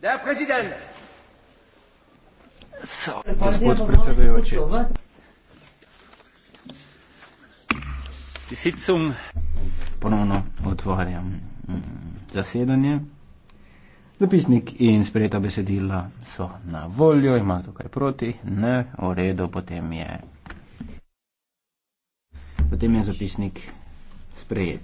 Da, prezident. So, gospod predsedujoči. Sicum ponovno otvarjam mm, zasedanje. Zapisnik in sprejeta besedila so na voljo, ima kdo kaj proti, ne, v redu, potem je. Potem je zapisnik sprejet.